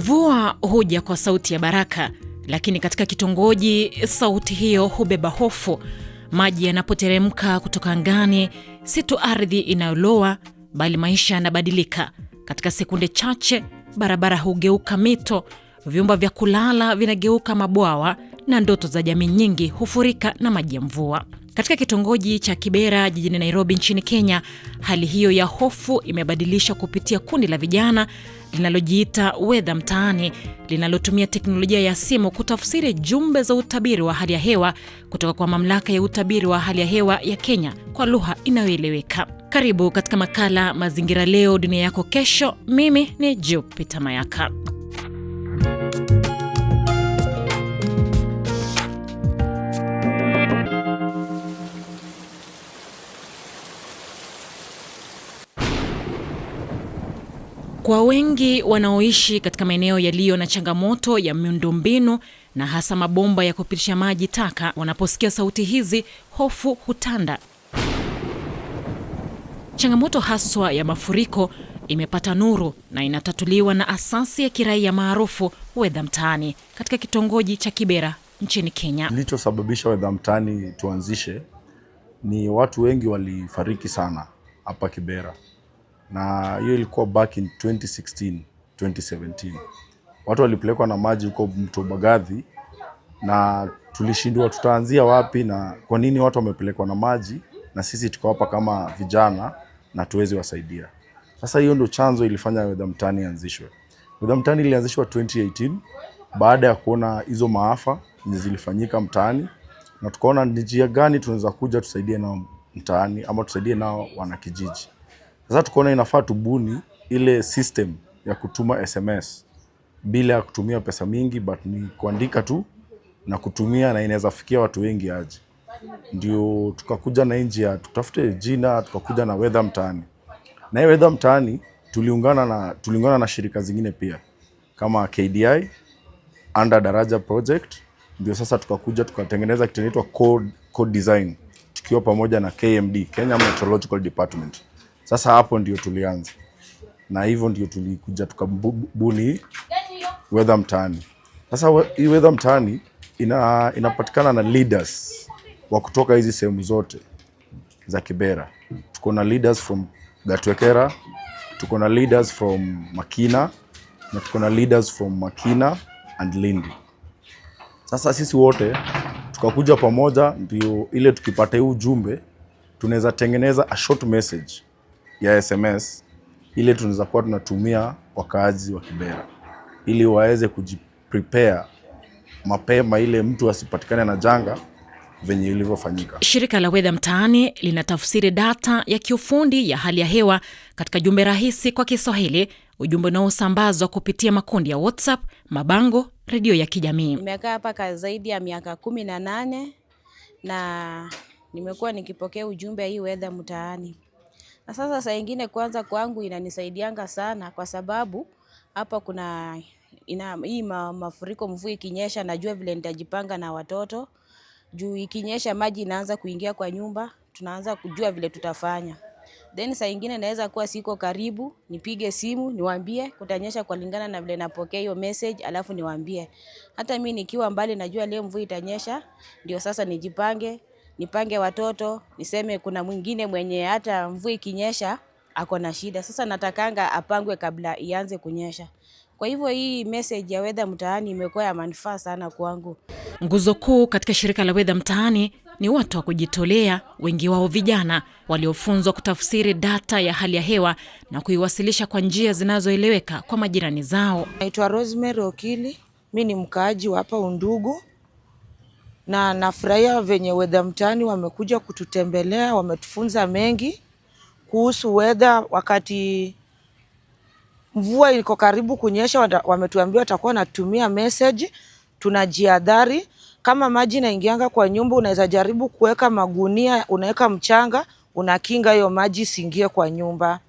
Mvua huja kwa sauti ya baraka, lakini katika kitongoji sauti hiyo hubeba hofu. Maji yanapoteremka kutoka angani, si tu ardhi inayoloa, bali maisha yanabadilika. Katika sekunde chache, barabara hugeuka mito, vyumba vya kulala vinageuka mabwawa, na ndoto za jamii nyingi hufurika na maji ya mvua. Katika kitongoji cha Kibera jijini Nairobi nchini Kenya, hali hiyo ya hofu imebadilisha kupitia kundi la vijana linalojiita Wedha Mtaani, linalotumia teknolojia ya simu kutafsiri jumbe za utabiri wa hali ya hewa kutoka kwa mamlaka ya utabiri wa hali ya hewa ya Kenya kwa lugha inayoeleweka. Karibu katika makala Mazingira Leo, Dunia Yako Kesho. Mimi ni Jupita Mayaka. Kwa wengi wanaoishi katika maeneo yaliyo na changamoto ya miundombinu na hasa mabomba ya kupitisha maji taka, wanaposikia sauti hizi, hofu hutanda. Changamoto haswa ya mafuriko imepata nuru na inatatuliwa na asasi ya kiraia maarufu Wedha Mtaani katika kitongoji cha Kibera nchini Kenya. Kilichosababisha Wedha Mtaani tuanzishe ni watu wengi walifariki sana hapa Kibera na hiyo ilikuwa back in 2016 2017. Watu walipelekwa na maji huko mto Bagadhi na tulishindwa tutaanzia wapi na kwa nini watu wamepelekwa na maji, na sisi tuko hapa kama vijana na tuwezi wasaidia. Sasa hiyo ndio chanzo ilifanya Wedha Mtaani ianzishwe. Wedha Mtaani ilianzishwa 2018 baada ya kuona hizo maafa zilifanyika mtaani, na tukaona ni njia gani tunaweza kuja tusaidie nao mtaani ama tusaidie nao wanakijiji. Sasa tukaona inafaa tubuni ile system ya kutuma SMS bila ya kutumia pesa mingi, but ni kuandika tu na kutumia, na inaweza fikia watu wengi aje. Ndio tukakuja na ya tutafute jina, tukakuja na Weather Mtaani, na hiyo Weather Mtaani tuliungana na, tuliungana na shirika zingine pia kama KDI under Daraja Project. Ndio sasa tukakuja tukatengeneza kitu inaitwa code, code design tukiwa pamoja na KMD, Kenya Meteorological Department. Sasa hapo ndio tulianza na hivyo ndio tulikuja tukabuni Weather Mtaani. Sasa hii Weather Mtaani ina, inapatikana na leaders wa kutoka hizi sehemu zote za Kibera. Tuko na leaders from Gatwekera, tuko na leaders from Makina na tuko na leaders from Makina and Lindi. Sasa sisi wote tukakuja pamoja, ndio ile tukipata hii ujumbe tunaweza tengeneza a short message ya SMS ile tunaweza kuwa tunatumia wakaazi wa Kibera ili waweze kujiprepare mapema ile mtu asipatikane na janga venye ilivyofanyika. Shirika la Weather Mtaani linatafsiri data ya kiufundi ya hali ya hewa katika jumbe rahisi kwa Kiswahili, ujumbe unaosambazwa kupitia makundi ya WhatsApp, mabango, redio ya kijamii. Nimekaa hapa kwa zaidi ya miaka kumi na nane na nimekuwa nikipokea ujumbe hii Wedha Mtaani. Na sasa saa ingine kwanza kwangu inanisaidianga sana kwa sababu hapa kuna ina, hii ma, mafuriko mvua ikinyesha najua vile nitajipanga na watoto. Juu ikinyesha maji inaanza kuingia kwa nyumba, tunaanza kujua vile tutafanya. Then saa ingine naweza kuwa siko karibu, nipige simu, niwaambie kutanyesha kulingana na vile napokea hiyo message, alafu niwaambie. Hata mimi nikiwa mbali najua leo mvua itanyesha, ndio sasa nijipange, nipange watoto, niseme kuna mwingine mwenye hata mvua ikinyesha ako na shida. Sasa natakanga apangwe kabla ianze kunyesha. Kwa hivyo hii message ya Wedha Mtaani imekuwa ya manufaa sana kwangu. Nguzo kuu katika shirika la Wedha Mtaani ni watu wa kujitolea, wengi wao vijana waliofunzwa kutafsiri data ya hali ya hewa na kuiwasilisha kwa njia zinazoeleweka kwa majirani zao. Naitwa Rosemary Okili, mi ni mkaaji wa hapa Undugu na nafurahia venye wedha Mtaani wamekuja kututembelea, wametufunza mengi kuhusu wedha Wakati mvua iko karibu kunyesha, wametuambia watakuwa natumia message, tunajiadhari. Kama maji inaingianga kwa nyumba, unaweza jaribu kuweka magunia, unaweka mchanga, unakinga hiyo maji isiingie kwa nyumba.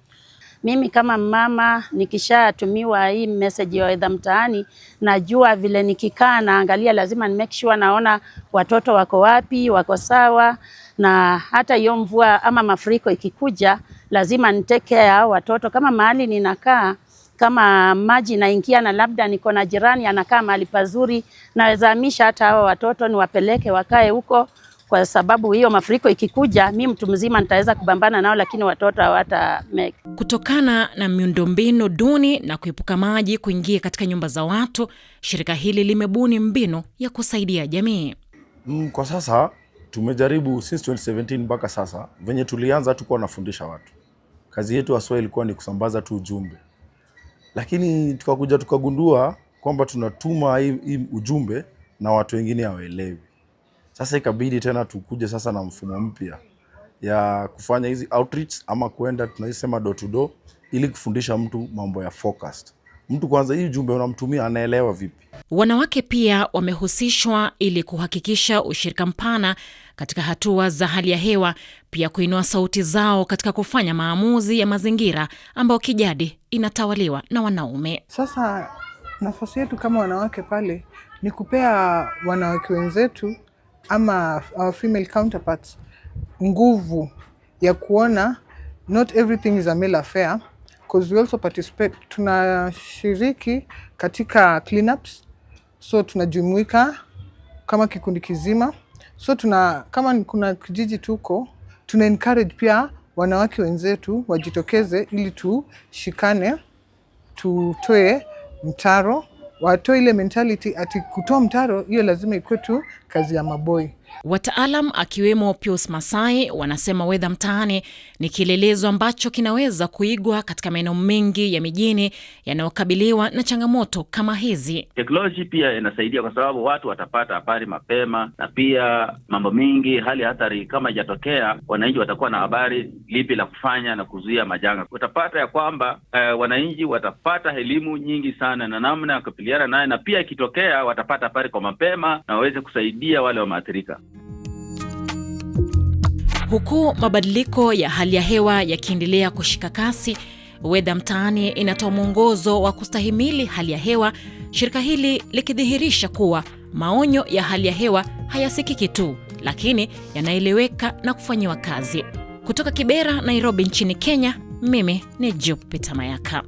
Mimi kama mama nikishatumiwa hii message ya edha Mtaani, najua vile nikikaa naangalia, lazima ni make sure naona watoto wako wapi, wako sawa, na hata hiyo mvua ama mafuriko ikikuja, lazima niteke nitekea watoto kama mahali ninakaa kama maji naingia na labda niko na jirani anakaa mahali pazuri, naweza hata hao watoto niwapeleke wakae huko, kwa sababu hiyo mafuriko ikikuja, mi mtu mzima nitaweza kupambana nao, lakini watoto hawata make. Kutokana na miundombinu duni na kuepuka maji kuingia katika nyumba za watu, shirika hili limebuni mbinu ya kusaidia jamii. Mm, kwa sasa tumejaribu since 2017 mpaka sasa, venye tulianza tukuwa nafundisha watu, kazi yetu haswa ilikuwa ni kusambaza tu ujumbe, lakini tukakuja tukagundua kwamba tunatuma hii ujumbe na watu wengine hawaelewi sasa ikabidi tena tukuje sasa na mfumo mpya ya kufanya hizi outreach ama kwenda tunaisema door to door, ili kufundisha mtu mambo ya forecast. Mtu kwanza, hii jumbe unamtumia anaelewa vipi? Wanawake pia wamehusishwa ili kuhakikisha ushirika mpana katika hatua za hali ya hewa, pia kuinua sauti zao katika kufanya maamuzi ya mazingira ambayo kijadi inatawaliwa na wanaume. Sasa nafasi yetu kama wanawake pale ni kupea wanawake wenzetu ama our female counterparts nguvu ya kuona not everything is a male affair because we also participate, tunashiriki katika cleanups, so tunajumuika kama kikundi kizima, so tuna kama kuna kijiji tuko tuna encourage pia wanawake wenzetu wajitokeze ili tushikane tutoe mtaro watoe ile mentality ati kutoa mtaro hiyo lazima ikuwe tu kazi ya maboi. Wataalam akiwemo Pius Masai wanasema Wedha Mtaani ni kielelezo ambacho kinaweza kuigwa katika maeneo mengi ya mijini yanayokabiliwa na changamoto kama hizi. Teknoloji pia inasaidia kwa sababu watu watapata habari mapema, na pia mambo mengi, hali ya hatari kama ijatokea, wananchi watakuwa na habari lipi la kufanya na kuzuia majanga. Utapata ya kwamba eh, wananchi watapata elimu nyingi sana na namna ya kukabiliana naye, na pia ikitokea watapata habari kwa mapema na waweze kusaidia wale wameathirika. Huku mabadiliko ya hali ya hewa yakiendelea kushika kasi, Wedha Mtaani inatoa mwongozo wa kustahimili hali ya hewa, shirika hili likidhihirisha kuwa maonyo ya hali ya hewa hayasikiki tu, lakini yanaeleweka na kufanyiwa kazi. Kutoka Kibera, Nairobi nchini Kenya, mimi ni jupite Mayaka.